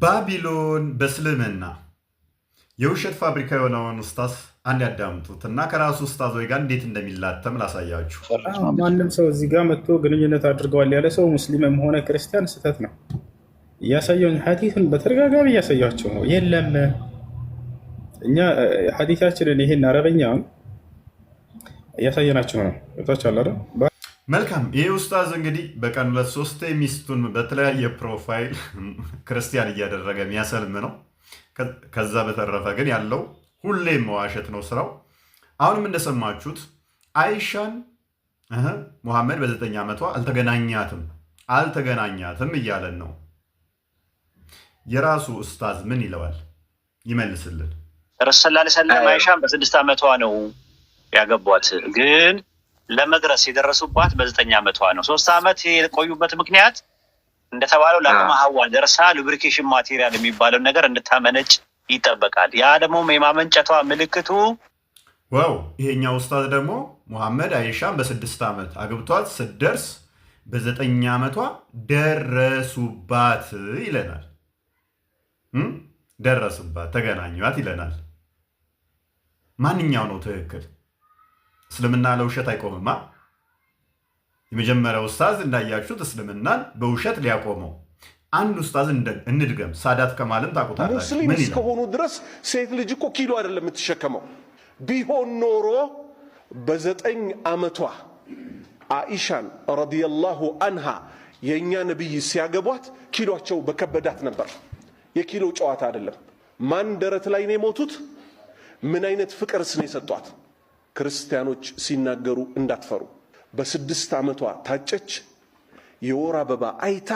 ባቢሎን በእስልምና የውሸት ፋብሪካ የሆነውን ውስታዝ አንድ ያዳምጡት እና ከራሱ ውስታዞች ጋር እንዴት እንደሚላተም ላሳያችሁ። ማንም ሰው እዚህ ጋር መጥቶ ግንኙነት አድርገዋል ያለ ሰው ሙስሊምም ሆነ ክርስቲያን ስህተት ነው። እያሳየውን ሐዲትን በተደጋጋሚ እያሳያቸው ነው። የለም እኛ ሐዲታችንን ይሄን አረበኛውን እያሳየናቸው ነው። ታች አለ መልካም ይህ ኡስታዝ እንግዲህ በቀን ሁለት ሶስት ሚስቱን በተለያየ ፕሮፋይል ክርስቲያን እያደረገ የሚያሰልም ነው። ከዛ በተረፈ ግን ያለው ሁሌም መዋሸት ነው ስራው። አሁንም እንደሰማችሁት አይሻን ሙሐመድ በዘጠኝ ዓመቷ አልተገናኛትም አልተገናኛትም እያለን ነው። የራሱ ኡስታዝ ምን ይለዋል? ይመልስልን። ረሱል ሰለላሁ ዐለይሂ ወሰለም አይሻን በስድስት ዓመቷ ነው ያገቧት ግን ለመድረስ የደረሱባት በዘጠኝ ዓመቷ ነው። ሶስት ዓመት የቆዩበት ምክንያት እንደተባለው ለአቅመ ሐዋ ደርሳ ሉብሪኬሽን ማቴሪያል የሚባለው ነገር እንድታመነጭ ይጠበቃል። ያ ደግሞ የማመንጨቷ ምልክቱ ዋው። ይሄኛው ውስጣት ደግሞ ሙሐመድ አይሻን በስድስት ዓመት አግብቷት ስደርስ በዘጠኝ ዓመቷ ደረሱባት ይለናል። ደረሱባት፣ ተገናኟት ይለናል። ማንኛው ነው ትክክል? እስልምና ለውሸት አይቆምማ። የመጀመሪያው ኡስታዝ እንዳያችሁት እስልምናን በውሸት ሊያቆመው አንድ ኡስታዝ እንድገም ሳዳት ከማለም ታውቁታላችሁ። ሙስሊም እስከሆኑ ድረስ ሴት ልጅ እኮ ኪሎ አይደለም የምትሸከመው። ቢሆን ኖሮ በዘጠኝ ዓመቷ አኢሻን ረዲየላሁ አንሃ የእኛ ነቢይ ሲያገቧት ኪሎቸው በከበዳት ነበር። የኪሎ ጨዋታ አይደለም። ማን ደረት ላይ ነው የሞቱት? ምን አይነት ፍቅርስ ነው የሰጧት? ክርስቲያኖች ሲናገሩ እንዳትፈሩ። በስድስት ዓመቷ ታጨች። የወር አበባ አይታ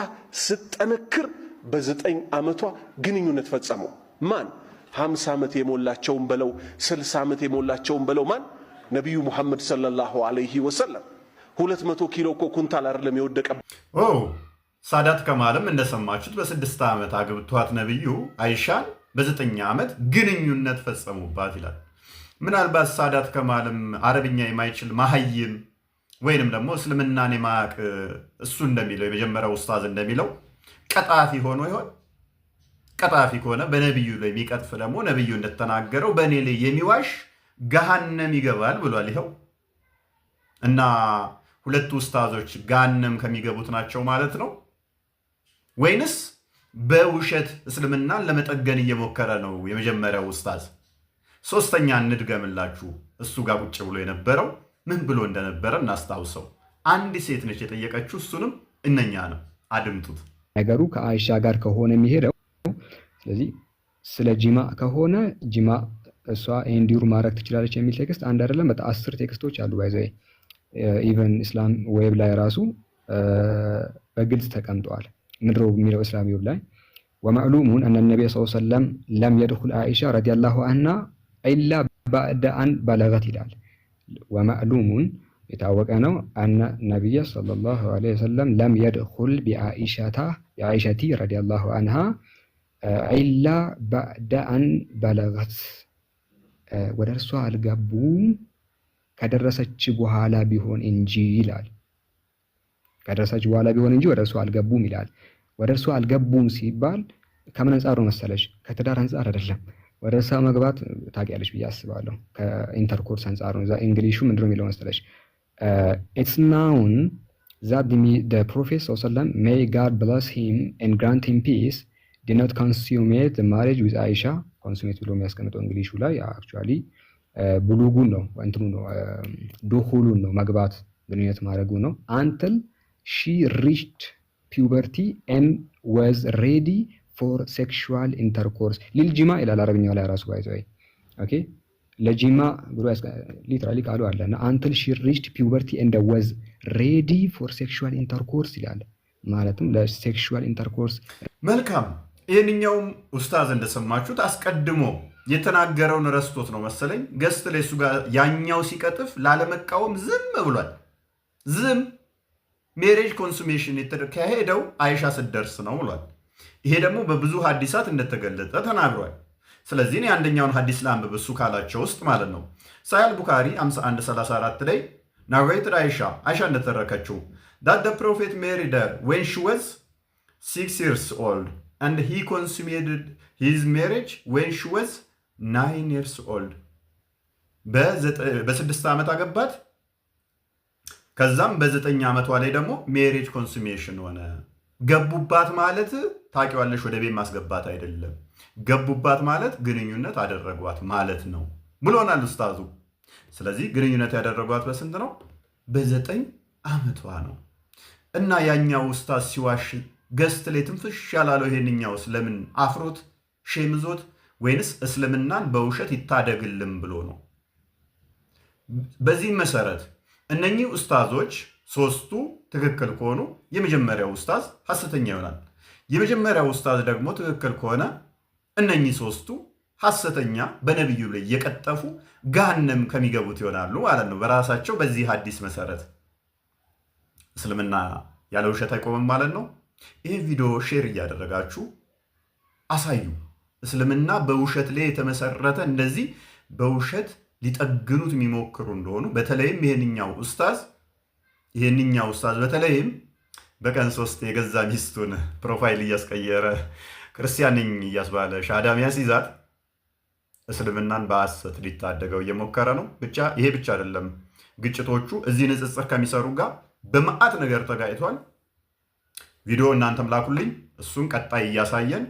ስጠነክር በዘጠኝ ዓመቷ ግንኙነት ፈጸሙ። ማን? ሀምሳ ዓመት የሞላቸውን በለው ስልሳ ዓመት የሞላቸውን በለው ማን? ነቢዩ ሙሐመድ ሰለላሁ አለይህ ወሰለም። ሁለት መቶ ኪሎ እኮ ኩንታል አይደለም የወደቀ። ሳዳት ከማለም እንደሰማችሁት በስድስት ዓመት አግብቷት ነቢዩ አይሻን በዘጠኝ ዓመት ግንኙነት ፈጸሙባት ይላል። ምናልባት ሳዳት ከማልም አረብኛ የማይችል መሀይም ወይንም ደግሞ እስልምናን የማያቅ እሱ እንደሚለው የመጀመሪያው ውስታዝ እንደሚለው ቀጣፊ ሆኖ ይሆን? ቀጣፊ ከሆነ በነቢዩ ላይ የሚቀጥፍ ደግሞ ነቢዩ እንደተናገረው በእኔ ላይ የሚዋሽ ገሃነም ይገባል ብሏል። ይኸው እና ሁለቱ ውስታዞች ገሃነም ከሚገቡት ናቸው ማለት ነው ወይንስ በውሸት እስልምናን ለመጠገን እየሞከረ ነው የመጀመሪያው ውስታዝ? ሶስተኛ እንድገምላችሁ እሱ ጋር ቁጭ ብሎ የነበረው ምን ብሎ እንደነበረ እናስታውሰው። አንድ ሴት ነች የጠየቀችው፣ እሱንም እነኛ ነው። አድምጡት። ነገሩ ከአይሻ ጋር ከሆነ የሚሄደው ስለዚህ ስለ ጂማ ከሆነ ጂማ እሷ ኢንዲዩር ማድረግ ትችላለች የሚል ቴክስት አንድ አይደለም፣ በጣም አስር ቴክስቶች አሉ። ባይዘይ ኢቨን እስላም ዌብ ላይ ራሱ በግልጽ ተቀምጠዋል። ምድሮ የሚለው እስላም ዌብ ላይ ወማዕሉሙን አነ ነቢይ ሰለም ለም የድኩል አይሻ ረዲያላሁ አንሃ ኢላ ባዕደ አን በለገት ይላል። ወማዕሉሙን የታወቀ ነው አነ ነቢየ ሰለላሁ ዐለይሂ ወሰለም ለም የድኹል ቢአኢሸቲ ረዲየላሁ አንሃ ኢላ ባዕደ አን በለገት ወደ እርሷ አልገቡም ከደረሰች በኋላ ቢሆን እንጂ ይላል። ከደረሰች በኋላ ቢሆን እንጂ ወደ እርሷ አልገቡም ይላል። ወደ እርሷ አልገቡም ሲባል ከምን አንጻር ነው መሰለሽ? ከትዳር አንጻር አይደለም። ወደ እሷ መግባት ታውቂያለሽ ብዬ አስባለሁ። ከኢንተርኮርስ አንጻሩ እዛ እንግሊሹ ምንድነው የሚለው መሰለሽ ኢትስ ናውን ዛ ፕሮፌት ሰለም ሜይ ጋድ ብለስ ሂም ኤን ግራንት ሂም ፒስ ዲኖት ኮንሱሜት ማሬጅ ዊዝ አይሻ ኮንሱሜት ብሎ የሚያስቀምጠው እንግሊሹ ላይ አክቹዋሊ ብሉጉን ነው እንትኑ ነው ዱሁሉን ነው መግባት ግንኙነት ማድረጉ ነው አንትል ሺ ሪችድ ፒውበርቲ ኤንድ ወዝ ሬዲ ፎር ሴክሹዋል ኢንተርኮርስ ሊል ጂማ ይላል አረብኛው ላይ ራሱ ባይዘ ኦኬ ለጂማ ብሎ ሊትራሊ ቃሉ አለ እና አንትል ሺ ሪችድ ፒውበርቲ እንደ ወዝ ሬዲ ፎር ሴክሹዋል ኢንተርኮርስ ይላል። ማለትም ለሴክሹዋል ኢንተርኮርስ መልካም። ይህንኛውም ኡስታዝ እንደሰማችሁት አስቀድሞ የተናገረውን ረስቶት ነው መሰለኝ ገስት ላይ እሱ ጋር ያኛው ሲቀጥፍ ላለመቃወም ዝም ብሏል። ዝም ሜሬጅ ኮንሱሜሽን ከሄደው አይሻ ስደርስ ነው ብሏል። ይሄ ደግሞ በብዙ ሀዲሳት እንደተገለጠ ተናግሯል። ስለዚህ እኔ አንደኛውን ሀዲስ ለአንብብ እሱ ካላቸው ውስጥ ማለት ነው። ሳያል ቡካሪ 5134 ላይ ናሬትድ አይሻ አይሻ እንደተረከችው ዳት ደ ፕሮፌት ሜሪድ ሄር ዌን ሺ ወዝ ሲክስ ይርስ ኦልድ አንድ ሂ ሂዝ ሜሬጅ ዌን ሺ ወዝ ናይን ይርስ ኦልድ በስድስት ዓመት አገባት። ከዛም በዘጠኝ ዓመቷ ላይ ደግሞ ሜሬጅ ኮንሱሜሽን ሆነ። ገቡባት ማለት ታውቂዋለሽ፣ ወደ ቤት ማስገባት አይደለም። ገቡባት ማለት ግንኙነት አደረጓት ማለት ነው ብሎናል ኡስታዙ። ስለዚህ ግንኙነት ያደረጓት በስንት ነው? በዘጠኝ ዓመቷ ነው። እና ያኛው ኡስታዝ ሲዋሽ ገስት ላይ ትንፍሽ ያላለው ይሄንኛው ስለምን አፍሮት ሼምዞት ወይንስ እስልምናን በውሸት ይታደግልም ብሎ ነው። በዚህ መሰረት እነኚህ ኡስታዞች ሶስቱ ትክክል ከሆኑ የመጀመሪያው ኡስታዝ ሐሰተኛ ይሆናል። የመጀመሪያው ኡስታዝ ደግሞ ትክክል ከሆነ እነኚህ ሶስቱ ሐሰተኛ በነቢዩ ላይ የቀጠፉ ገሃነም ከሚገቡት ይሆናሉ ማለት ነው። በራሳቸው በዚህ ሐዲስ መሰረት እስልምና ያለ ውሸት አይቆምም ማለት ነው። ይህ ቪዲዮ ሼር እያደረጋችሁ አሳዩ። እስልምና በውሸት ላይ የተመሰረተ እንደዚህ በውሸት ሊጠግኑት የሚሞክሩ እንደሆኑ በተለይም ይህንኛው ኡስታዝ ይህንኛው ውስታዝ በተለይም በቀን ሶስት የገዛ ሚስቱን ፕሮፋይል እያስቀየረ ክርስቲያን ነኝ እያስባለ ሻዳ ሚያስይዛት እስልምናን በአሰት ሊታደገው እየሞከረ ነው። ብቻ ይሄ ብቻ አይደለም፣ ግጭቶቹ እዚህ ንጽጽር ከሚሰሩ ጋር በመዓት ነገር ተጋጭቷል። ቪዲዮ እናንተም ላኩልኝ፣ እሱን ቀጣይ እያሳየን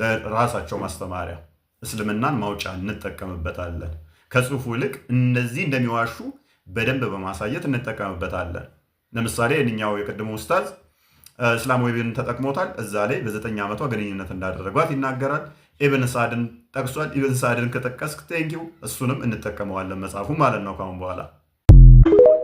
ለራሳቸው ማስተማሪያ እስልምናን ማውጫ እንጠቀምበታለን። ከጽሁፉ ይልቅ እነዚህ እንደሚዋሹ በደንብ በማሳየት እንጠቀምበታለን። ለምሳሌ እኛው የቅድሞ ኡስታዝ እስላም ቤርን ተጠቅሞታል። እዛ ላይ በዘጠኝ ዓመቷ ግንኙነት እንዳደረጓት ይናገራል። ኢብን ሳድን ጠቅሷል። ኢብን ሳድን ከጠቀስክ ቴንኪው እሱንም እንጠቀመዋለን መጽሐፉ ማለት ነው ካሁን በኋላ